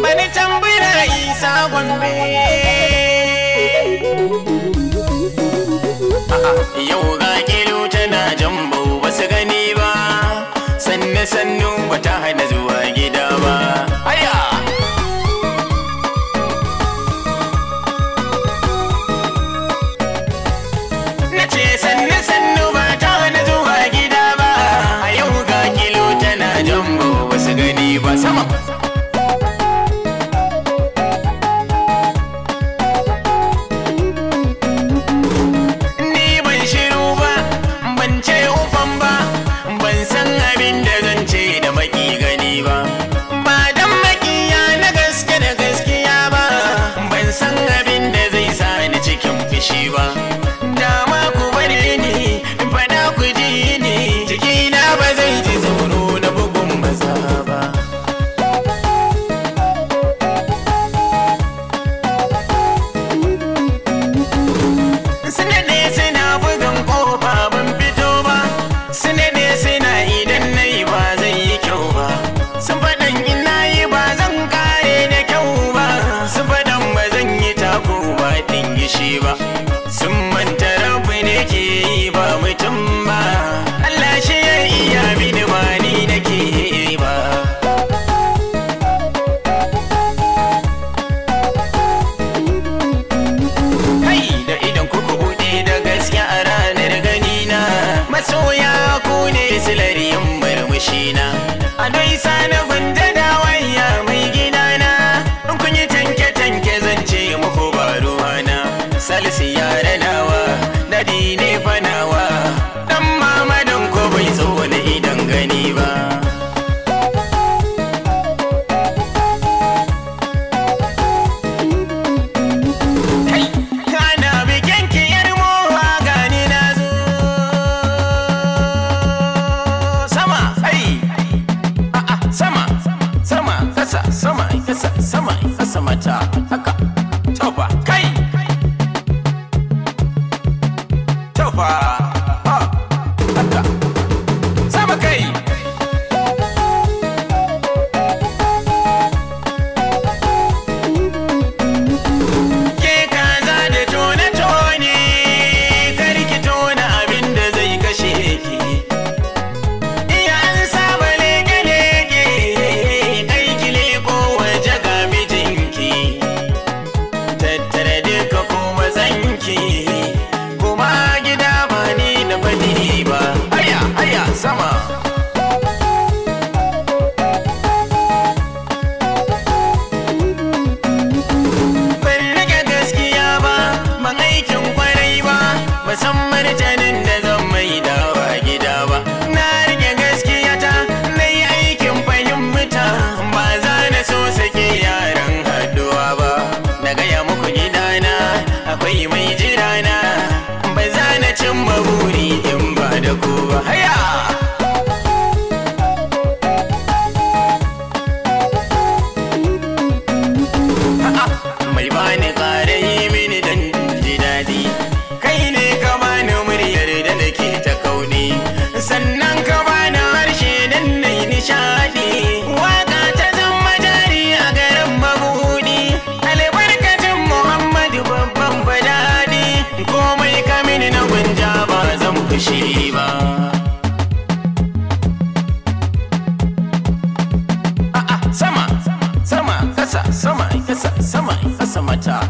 Bani can isa gombe. Yau ga kilo tana jambo ba su gani ba, sannu sannu ba ta hana zuwa daɗin gishi ba dale, sí. rapper. kowa haya mai bani ƙara yi mini dan daɗi kai ne ka bani muryar da nake ta kauni sannan ka bani harshe dan na yi nishaɗi waka ta zama jari a garin mabuɗi albarkacin muhammadu babban fadaɗi komai ka mini na gunja ba zan fushi sama, sama ta.